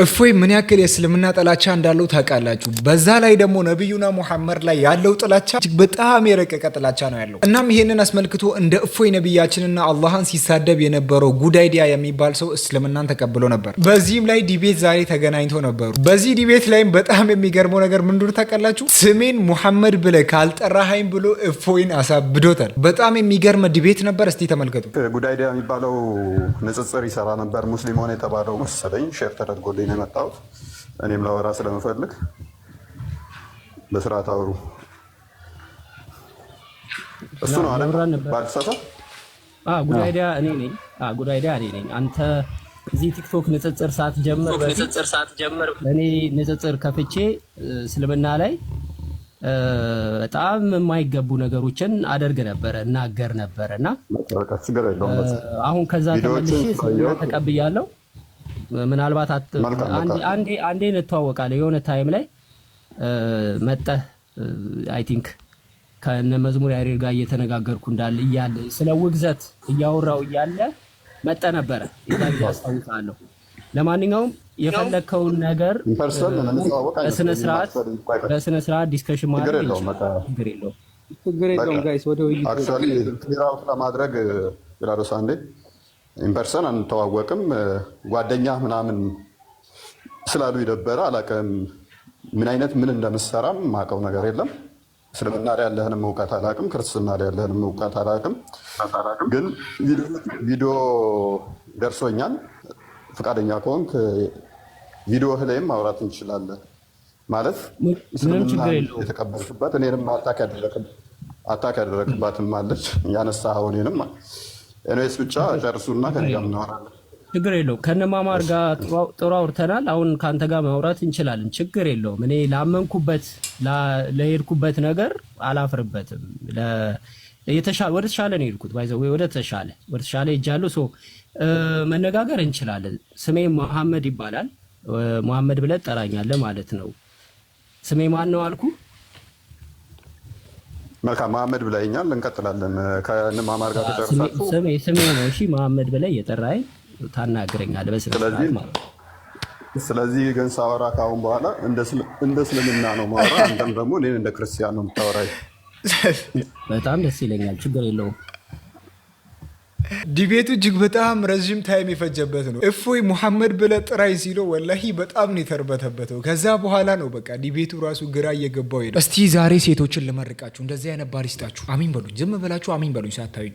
እፎይ ምን ያክል የእስልምና ጥላቻ እንዳለው ታውቃላችሁ። በዛ ላይ ደግሞ ነቢዩና ሙሐመድ ላይ ያለው ጥላቻ እጅግ በጣም የረቀቀ ጥላቻ ነው ያለው። እናም ይሄንን አስመልክቶ እንደ እፎይ ነቢያችንና አላህን ሲሳደብ የነበረው ጉዳይዲያ የሚባል ሰው እስልምናን ተቀብሎ ነበር። በዚህም ላይ ዲቤት ዛሬ ተገናኝተው ነበሩ። በዚህ ዲቤት ላይም በጣም የሚገርመው ነገር ምንድን ታቃላችሁ? ታውቃላችሁ? ስሜን ሙሐመድ ብለ ካልጠራሃይም ብሎ እፎይን አሳብዶታል። በጣም የሚገርም ዲቤት ነበር። እስቲ ተመልከቱ። ጉዳይዲያ የሚባለው ንጽጽር ይሰራ ነበር። ሙስሊም ሆነ የተባለው መሰለኝ ሼር ተደርጎ ይዤ ነው የመጣሁት። እኔም ላወራ ስለምፈልግ በስርዓት አውሩ። እሱ ነው አለ ባልተሳሳት ጉድ አይዲያ እኔ ነኝ። ጉድ አይዲያ እኔ ነኝ። አንተ እዚህ ቲክቶክ ንጽጽር ሰዓት ጀምር ጀምር እኔ ንጽጽር ከፍቼ እስልምና ላይ በጣም የማይገቡ ነገሮችን አደርግ ነበረ እናገር ነበረ እና አሁን ከዛ ተመልሼ ተቀብያለሁ። ምናልባት አንዴ እንተዋወቃለን የሆነ ታይም ላይ መጠህ አይ ቲንክ ከነ መዝሙር ያሬድ ጋር እየተነጋገርኩ እንዳለ እያለ ስለ ውግዘት እያወራው እያለ መጠ ነበረ ይዛን ያስታውሳለሁ። ለማንኛውም የፈለግከውን ነገር በስነ ስርዓት በስነ ስርዓት ዲስከሽን ማድረግ ችግር የለውም፣ ችግር የለውም። ጋይስ ወደ ውይይት ለማድረግ ላዶሳ እንዴ ኢንፐርሰን አንተዋወቅም ጓደኛ ምናምን ስላሉ የደበረ አላውቅም። ምን አይነት ምን እንደምሰራም ማቀው ነገር የለም። እስልምና ላይ ያለህንም እውቀት አላውቅም፣ ክርስትና ላይ ያለህንም እውቀት አላውቅም። ግን ቪዲዮ ደርሶኛል። ፈቃደኛ ከሆንክ ቪዲዮህ ላይም ማውራት እንችላለን። ማለት እስልምና የተቀበልክበት እኔንም አታክ ያደረግባትም አለች ያነሳኸው እኔንም ኤንስ ብቻ ጨርሱና ከነጋ እናወራለን። ችግር የለውም። ከነማማር ጋር ጥሩ አውርተናል። አሁን ከአንተ ጋር ማውራት እንችላለን። ችግር የለውም። እኔ ላመንኩበት ለሄድኩበት ነገር አላፍርበትም። ወደ ተሻለ ነው የሄድኩት። ባይዘ ወደ ተሻለ ወደ ተሻለ ሄጃለሁ። መነጋገር እንችላለን። ስሜ መሐመድ ይባላል። መሐመድ ብለህ ትጠራኛለህ ማለት ነው። ስሜ ማን ነው አልኩህ? መልካም መሐመድ ብለኛል። እንቀጥላለን። ከንማማር ጋር ተጨርሳችሁ ስሜ ነው። እሺ መሐመድ ብለህ የጠራኸኝ ታናግረኛለህ በስነስርዓት ስለዚህ ግን ሳወራ ከአሁን በኋላ እንደ እስልምና ነው ማወራ፣ አንተም ደግሞ እኔን እንደ ክርስቲያን ነው የምታወራኝ። በጣም ደስ ይለኛል። ችግር የለውም። ዲቤቱ እጅግ በጣም ረዥም ታይም የፈጀበት ነው። እፎይ ሙሐመድ ብለ ጥራኝ ሲለው ወላሂ በጣም ነው የተርበተበተው። ከዛ በኋላ ነው በቃ ዲቤቱ ራሱ ግራ እየገባው ሄደ። እስቲ ዛሬ ሴቶችን ልመርቃችሁ፣ እንደዚህ አይነት ባል ይስጣችሁ። አሚን በሉኝ፣ ዝም ብላችሁ አሚን በሉኝ ሳታዩኝ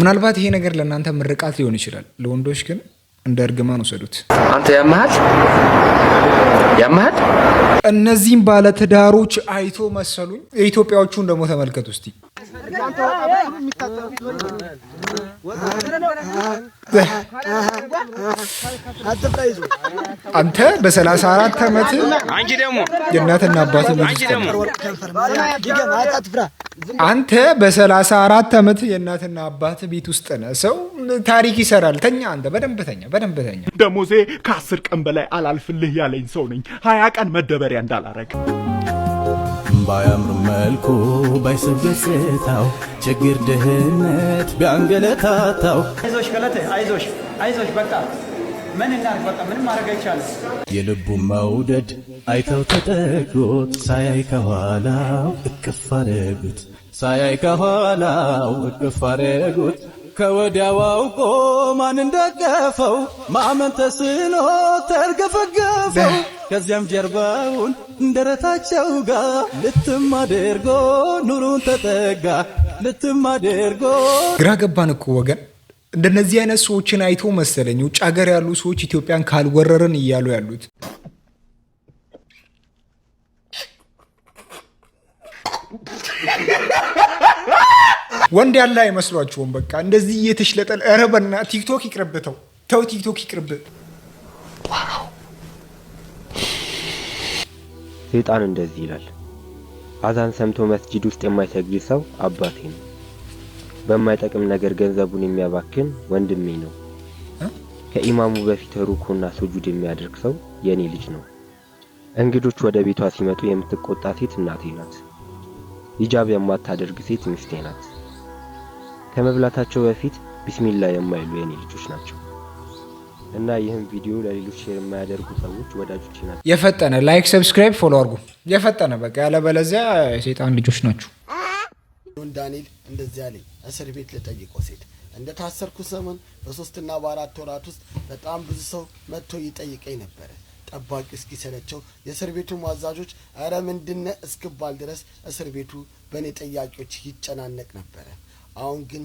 ምናልባት ይሄ ነገር ለእናንተ ምርቃት ሊሆን ይችላል፣ ለወንዶች ግን እንደ እርግማን ውሰዱት። አንተ ያመሃል ያመሃል። እነዚህም ባለትዳሮች አይቶ መሰሉኝ። የኢትዮጵያዎቹን ደግሞ ተመልከት ውስጥ አንተ በሰላሳ አራት ዓመት የእናትና አባት አንተ በሰላሳ አራት ዓመት የእናትና አባት ቤት ውስጥ ነህ። ሰው ታሪክ ይሰራል። ተኛ፣ አንተ በደንብ ተኛ፣ በደንብ ተኛ። ደሞዜ ከአስር ቀን በላይ አላልፍልህ ያለኝ ሰው ነኝ። ሀያ ቀን መደበሪያ እንዳላረግ ባያምር መልኩ ባይስብ ገጽታው ችግር ድህነት ቢያንገለታታው አይዞሽ ገለቴ አይዞሽ አይዞሽ በቃ ምን እናርግ በቃ ምንም ማድረግ አይቻልም። የልቡ መውደድ አይተው ተጠጉት ሳያይ ከኋላው እቅፍ አረጉት ሳያይ ከኋላው እቅፍ አረጉት ከወዲያው አውቆ ማን እንደቀፈው ማመን ተስኖ ተርገፈገፈው ከዚያም ጀርባውን እንደረታቸው ጋር ልትም አድርጎ ኑሩን ተጠጋ ልትም አድርጎ ግራ ገባን እኮ ወገን። እንደነዚህ አይነት ሰዎችን አይቶ መሰለኝ ውጭ ሀገር ያሉ ሰዎች ኢትዮጵያን ካልወረርን እያሉ ያሉት። ወንድ ያለ አይመስሏቸውም። በቃ እንደዚህ እየተሽለጠል ረበና ቲክቶክ ይቅርብ ተው ተው ቲክቶክ ይቅርብ። ሰይጣን እንደዚህ ይላል፣ አዛን ሰምቶ መስጂድ ውስጥ የማይሰግድ ሰው አባቴ ነው፣ በማይጠቅም ነገር ገንዘቡን የሚያባክን ወንድሜ ነው፣ ከኢማሙ በፊት ሩኩና ሱጁድ የሚያደርግ ሰው የኔ ልጅ ነው። እንግዶች ወደ ቤቷ ሲመጡ የምትቆጣ ሴት እናቴ ናት። ሂጃብ የማታደርግ ሴት ሚስቴ ናት። ከመብላታቸው በፊት ቢስሚላ የማይሉ የኔ ልጆች ናቸው። እና ይህም ቪዲዮ ለሌሎች ሼር የማያደርጉ ሰዎች ወዳጆች ናቸው። የፈጠነ ላይክ፣ ሰብስክራይብ፣ ፎሎ አርጉ። የፈጠነ በቃ ያለበለዚያ የሴጣን ልጆች ናቸው። ሁን ዳንኤል እንደዚህ አለኝ። እስር ቤት ልጠይቀው ሴት እንደ ታሰርኩ ሰሞን በሶስትና በአራት ወራት ውስጥ በጣም ብዙ ሰው መጥቶ ይጠይቀኝ ነበረ። ጠባቂ እስኪሰለቸው የእስር ቤቱ ማዛዦች እረ ምንድነ እስክባል ድረስ እስር ቤቱ በእኔ ጠያቂዎች ይጨናነቅ ነበረ። አሁን ግን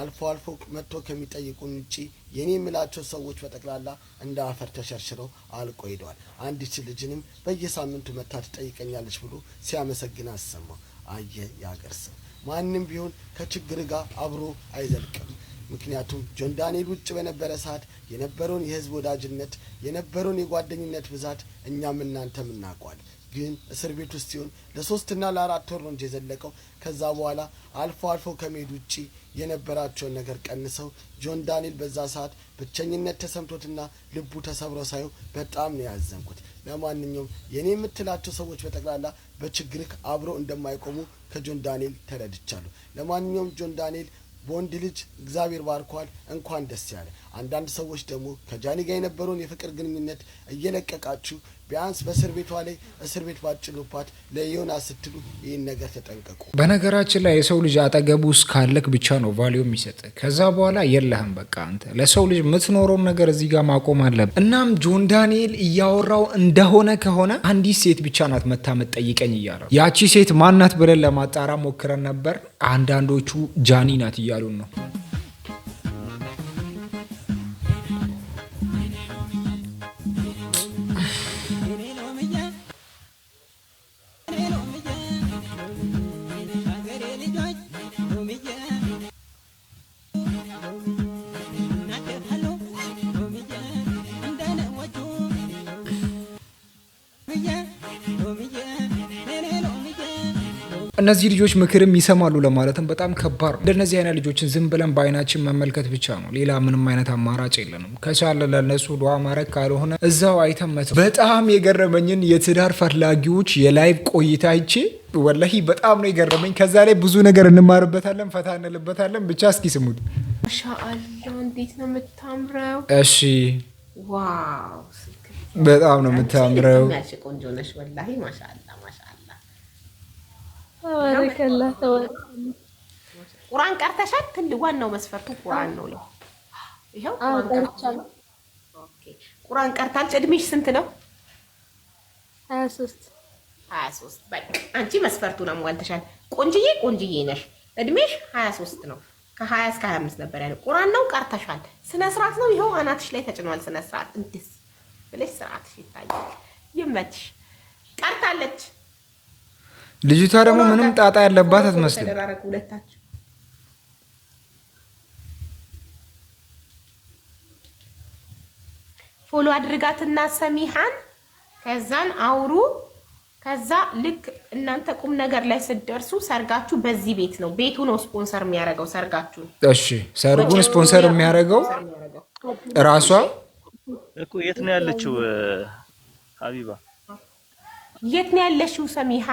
አልፎ አልፎ መጥቶ ከሚጠይቁን ውጪ የኔ የምላቸው ሰዎች በጠቅላላ እንደ አፈር ተሸርሽረው አልቆ ሄደዋል። አንዲት ልጅንም በየሳምንቱ መታ ትጠይቀኛለች ብሎ ሲያመሰግን አሰማሁ። አየ የአገር ሰው ማንም ቢሆን ከችግር ጋር አብሮ አይዘልቅም። ምክንያቱም ጆን ዳንኤል ውጭ በነበረ ሰዓት የነበረውን የህዝብ ወዳጅነት የነበረውን የጓደኝነት ብዛት እኛም እናንተም እናውቀዋል። ግን እስር ቤት ውስጥ ሲሆን ለሶስትና ለአራት ወር ነው እንጂ የዘለቀው። ከዛ በኋላ አልፎ አልፎ ከመሄድ ውጭ የነበራቸውን ነገር ቀንሰው ጆን ዳንኤል በዛ ሰዓት ብቸኝነት ተሰምቶትና ልቡ ተሰብሮ ሳየው በጣም ነው ያዘንኩት። ለማንኛውም የእኔ የምትላቸው ሰዎች በጠቅላላ በችግርህ አብረው እንደማይቆሙ ከጆን ዳንኤል ተረድቻለሁ። ለማንኛውም ጆን ዳንኤል በወንድ ልጅ እግዚአብሔር ባርኳል፣ እንኳን ደስ ያለ። አንዳንድ ሰዎች ደግሞ ከጃኒ ጋር የነበረውን የፍቅር ግንኙነት እየለቀቃችሁ ቢያንስ በእስር ቤቷ ላይ እስር ቤት ባጭኑባት ለዮናስ ስትሉ ይህን ነገር ተጠንቀቁ። በነገራችን ላይ የሰው ልጅ አጠገቡ እስካለክ ብቻ ነው ቫሊዮ የሚሰጥ። ከዛ በኋላ የለህም። በቃ አንተ ለሰው ልጅ የምትኖረውን ነገር እዚህ ጋር ማቆም አለብ። እናም ጆን ዳንኤል እያወራው እንደሆነ ከሆነ አንዲት ሴት ብቻ ናት መታመጥ ጠይቀኝ እያለ ያቺ ሴት ማናት ብለን ለማጣራ ሞክረን ነበር። አንዳንዶቹ ጃኒ ናት እያሉን ነው። እነዚህ ልጆች ምክርም ይሰማሉ ለማለትም በጣም ከባድ ነው። እንደነዚህ አይነት ልጆችን ዝም ብለን በአይናችን መመልከት ብቻ ነው፣ ሌላ ምንም አይነት አማራጭ የለንም። ከቻለ ለነሱ ዱዓ ማድረግ ካልሆነ እዛው አይተመትም። በጣም የገረመኝን የትዳር ፈላጊዎች የላይቭ ቆይታ አይቼ ወላሂ በጣም ነው የገረመኝ። ከዛ ላይ ብዙ ነገር እንማርበታለን፣ ፈታ እንልበታለን። ብቻ እስኪ ስሙት። እሺ ዋው፣ በጣም ነው የምታምረው። ቆንጆ ነሽ ወላሂ ማሻአላ ቁርአን ቀርተሻል። ትልቅ ዋናው መስፈርቱ ቁርአን ነው። ይኸው ቁርአን ቀርታለች። እድሜሽ ስንት ነው? ሀያ ሦስት ሀያ ሦስት በቃ አንቺ መስፈርቱን አሟልተሻል። ቆንጅዬ ቆንጅዬ ነሽ። እድሜሽ ሀያ ሦስት ነው። ከሀያ እስከ ሀያ አምስት ነበር ያለው። ቁርአን ነው ቀርተሻል። ስነ ስርዓት ነው። ይኸው አናትሽ ላይ ተጭኗል። ስነ ስርዓት እንድስ ብለሽ ስርዓትሽ ይታያል። ይመችሽ። ቀርታለች። ልጅቷ ደግሞ ምንም ጣጣ ያለባት አትመስልም። ፎሎ አድርጋትና ሰሚሃን ከዛን አውሩ። ከዛ ልክ እናንተ ቁም ነገር ላይ ስትደርሱ ሰርጋችሁ በዚህ ቤት ነው። ቤቱ ነው ስፖንሰር የሚያደርገው ሰርጋችሁ። እሺ፣ ሰርጉን ስፖንሰር የሚያደርገው ራሷ እኮ። የት ነው ያለችው ሀቢባ? የት ነው ያለችው ሰሚሃ?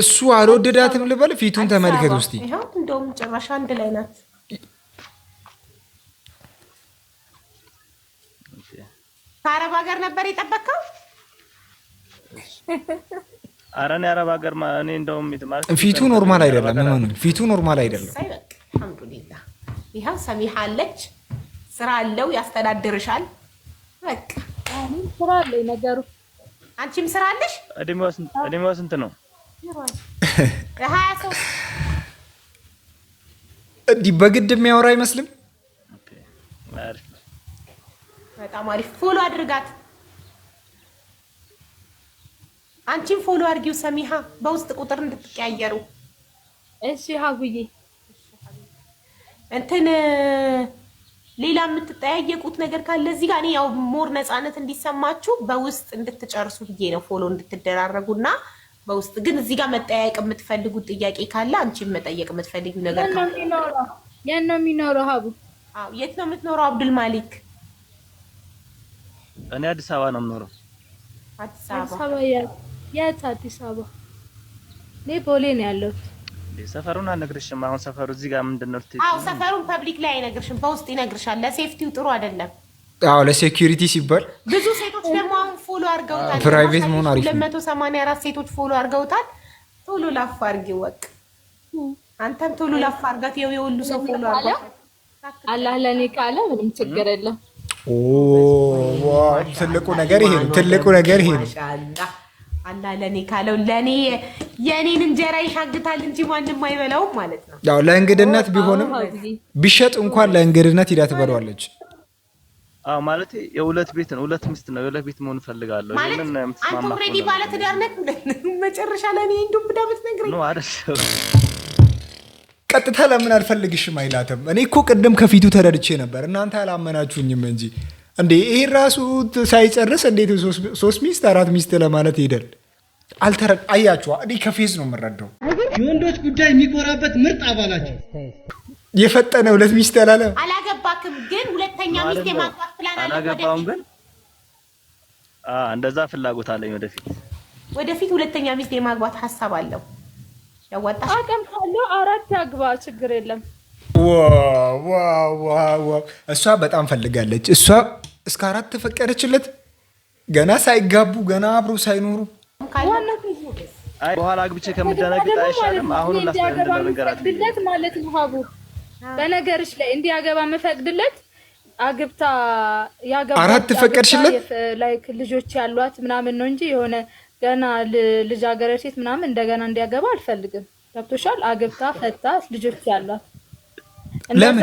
እሱ አልወደዳትም ልበል። ፊቱን ተመልከት ውስጥ እንደውም ጭራሽ አንድ ላይ ናት። ከአረብ ሀገር ነበር የጠበቀው። ኧረ እኔ አረብ ሀገር እኔ እንደውም ፊቱ ኖርማል አይደለም። ፊቱ ኖርማል አይደለም። አልሐምዱሊላህ ይኸው ሰሚሃ አለች። ስራ አለው፣ ያስተዳድርሻል። በቃ ስራ አለኝ ነገሩ። አንቺም ስራ አለሽ። እድሜዋ ስንት ነው? እንዲህ በግድ የሚያወራ አይመስልም። በጣም አሪፍ ፎሎ አድርጋት። አንቺን ፎሎ አድርጊው ሰሚሃ፣ በውስጥ ቁጥር እንድትቀያየሩ እሺ። ሀጉዬ እንትን ሌላ የምትጠያየቁት ነገር ካለ እዚህ ጋር እኔ ያው ሞር ነፃነት እንዲሰማችሁ በውስጥ እንድትጨርሱ ብዬ ነው ፎሎ እንድትደራረጉና በውስጥ ግን እዚህ ጋር መጠያየቅ የምትፈልጉት ጥያቄ ካለ አንቺ መጠየቅ የምትፈልጊው ነገር የት ነው የሚኖረው? ሀቡ የት ነው የምትኖረው? አብዱል ማሊክ እኔ አዲስ አበባ ነው የምኖረው። አዲስ አበባ የት? አዲስ አበባ እኔ ቦሌ ነው ያለሁት። ሰፈሩን አልነግርሽም። አሁን ሰፈሩ እዚህ ጋር ምንድን ነው? አዎ ሰፈሩን ፐብሊክ ላይ አይነግርሽም፣ በውስጥ ይነግርሻል። ለሴፍቲው ጥሩ አይደለም። አዎ ለሴኪሪቲ ሲባል ብዙ ሴቶች ደግሞ አሁን ፎሎ አርገውታል። ፕራይቬት መሆን አሪፍ ነው። 284 ሴቶች ፎሎ አርገውታል። ቶሎ ላፍ አድርጊ ወቅ አንተም ቶሎ ላፍ አርጋት። የው የሁሉ ሰው ፎሎ አድርገው አላህ ለኔ ካለ ምንም ችግር የለም። ኦ ትልቁ ነገር ይሄ ነው። ትልቁ ነገር ይሄ ነው። አላ ለኔ ካለው ለኔ የኔን እንጀራ ይሻግታል እንጂ ማንም አይበላውም ማለት ነው። ያው ለእንግድነት ቢሆንም ቢሸጥ እንኳን ለእንግድነት ሂዳ ትበለዋለች። አዎ ማለት የሁለት ቤት ነው፣ ሁለት ሚስት ነው፣ የሁለት ቤት መሆን እፈልጋለሁ። ይሄንን አንተ ኦልሬዲ ባለ ትዳር ነህ። መጨረሻ ላይ እኔ እንደውም ብዳ ብትነግረኝ ነው አይደል? ቀጥታ ለምን አልፈልግሽም አይላትም። እኔ እኮ ቅድም ከፊቱ ተረድቼ ነበር፣ እናንተ አላመናችሁኝም እንጂ እንዴ ይሄ ራሱ ሳይጨርስ እንዴት ሶስት ሚስት አራት ሚስት ለማለት ሄደል? አልተረ አያችኋ፣ እኔ ከፌዝ ነው የምረዳው። የወንዶች ጉዳይ የሚኮራበት ምርጥ አባላቸው የፈጠነ ሁለት ሚስት አላለም። አላገባክም ግን ሁለተኛ ሚስት የማግባት አላገባውም ግን እንደዛ ፍላጎት አለኝ። ወደፊት ወደፊት ሁለተኛ ሚስት የማግባት ሀሳብ አለው። ያዋጣ አቅም ካለው አራት ያግባ፣ ችግር የለም። እሷ በጣም ፈልጋለች። እሷ እስከ አራት ተፈቀደችለት ገና ሳይጋቡ ገና አብሮ ሳይኖሩ በኋላ አግብቼ ከምደነግጥ አይሻልም? አሁኑ ላስደነግጥ ማለት ነው። ሀቡ በነገርሽ ላይ እንዲያገባ መፈቅድለት አግብታ ያገባ አራት ፈቀድሽለት ላይክ ልጆች ያሏት ምናምን ነው እንጂ የሆነ ገና ልጃገረድ ሴት ምናምን እንደገና እንዲያገባ አልፈልግም። ገብቶሻል? አግብታ ፈታ ልጆች ያሏት ለምን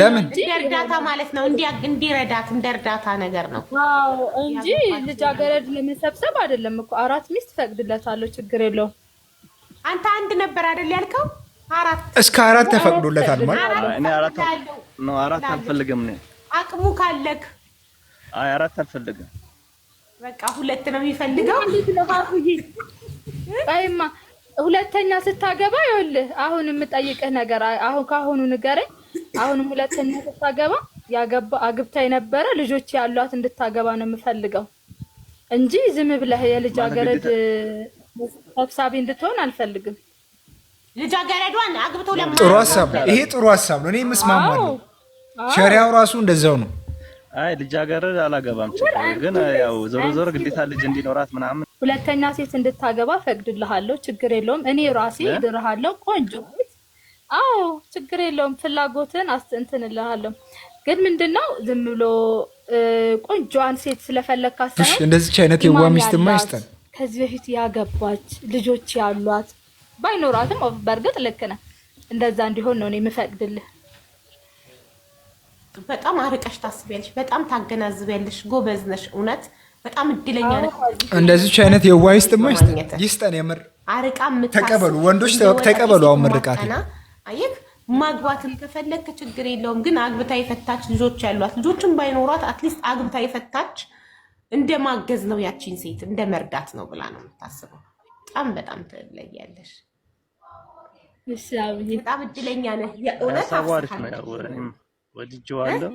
ለምን እንደ እርዳታ ማለት ነው እንዲረዳት እንደ እርዳታ ነገር ነው አዎ እንጂ ልጃገረድ ለመሰብሰብ አይደለም እኮ። አራት ሚስት ፈቅድለታለሁ፣ ችግር የለውም። አንተ አንድ ነበር አይደል ያልከው? አራት እስከ አራት ተፈቅዶለታል ማለት ነው። አራት አልፈልግም ነው አቅሙ ካለክ አይ አራት አልፈልግም። በቃ ሁለት ነው የሚፈልገው። እንዴት ነው ባሁይ ባይማ ሁለተኛ ስታገባ ይኸውልህ፣ አሁን የምጠይቅህ ነገር አሁን ካሁኑ ንገረኝ። አሁንም ሁለተኛ ስታገባ ያገባ አግብታ የነበረ ልጆች ያሏት እንድታገባ ነው የምፈልገው እንጂ ዝም ብለህ የልጅ አገረድ ሰብሳቢ እንድትሆን አልፈልግም። ልጅ አገረዷን አግብቶ ለማ ጥሩ ሀሳብ፣ ነው። ይሄ ጥሩ ሀሳብ ነው። እኔ የምስማማው ሸሪያው ራሱ እንደዛው ነው። አይ ልጃገረድ አላገባም ችግር ግን ያው ዞሮ ዞሮ ግዴታ ልጅ እንዲኖራት ምናምን ሁለተኛ ሴት እንድታገባ ፈቅድልሃለሁ፣ ችግር የለውም። እኔ ራሴ ድርሃለሁ፣ ቆንጆ አዎ፣ ችግር የለውም። ፍላጎትን አስተንትንልሃለሁ። ግን ምንድን ነው ዝም ብሎ ቆንጆዋን ሴት ስለፈለግካ ሳይሆን እንደዚች አይነት የዋ ሚስትማ ይስጠን። ከዚህ በፊት ያገባች ልጆች ያሏት ባይኖራትም፣ በእርግጥ ልክ ነህ፣ እንደዛ እንዲሆን ነው እኔ የምፈቅድልህ። በጣም አርቀሽ ታስቢያለሽ፣ በጣም ታገናዝቢያለሽ። ጎበዝ ነሽ። እውነት በጣም እድለኛ ነ እንደዚች አይነት የዋህ ይስጥማ ይስጠን። የምር አርቃ ተቀበሉ፣ ወንዶች ተቀበሉ። አሁን ምርቃት አየህ፣ ማግባትም ከፈለግክ ችግር የለውም ግን አግብታ የፈታች ልጆች ያሏት ልጆችም ባይኖሯት አትሊስት አግብታ የፈታች እንደ ማገዝ ነው ያቺን ሴት እንደ መርዳት ነው ብላ ነው የምታስበው። በጣም በጣም ትለያለሽ። በጣም እድለኛ ነህ የእውነት ወድጄዋለሁ።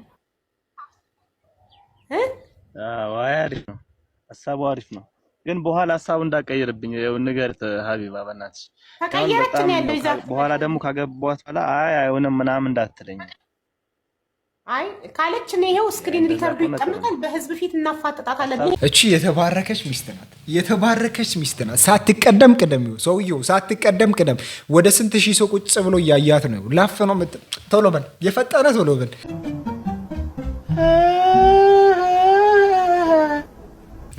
አዎ አሪፍ ነው፣ ሀሳቡ አሪፍ ነው። ግን በኋላ ሀሳቡ እንዳቀይርብኝ ያው ንገርት ሀቢባ፣ በእናትሽ በኋላ ደግሞ ካገባኋት በኋላ አይ አይሆንም ምናምን እንዳትለኝ አይ ካለች ነው ይሄው ስክሪን ሪከርዱ ይቀመጣል። በህዝብ ፊት እናፋጥጣታለን። እቺ የተባረከች ሚስት ናት፣ የተባረከች ሚስት ናት። ሳትቀደም ቅደም ይኸው ሰውዬው ሳትቀደም ቅደም። ወደ ስንት ሺህ ሰው ቁጭ ብሎ እያያት ነው። ላፍ ነው። ቶሎ በል የፈጠነ ቶሎ በል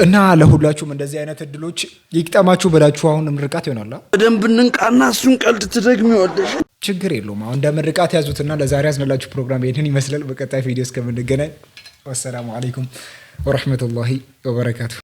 እና ለሁላችሁም እንደዚህ አይነት እድሎች ይቅጠማችሁ ብላችሁ አሁን ምርቃት ይሆናል። በደንብ እንንቃና እሱን ቀልድ ትደግሚ ወደሽ ችግር የለውም። አሁን እንደ ምርቃት ያዙትና ለዛሬ ያዝነላችሁ ፕሮግራም ይህንን ይመስላል። በቀጣይ ቪዲዮ እስከምንገናኝ ወሰላሙ አለይኩም ወረህመቱላሂ ወበረካቱ።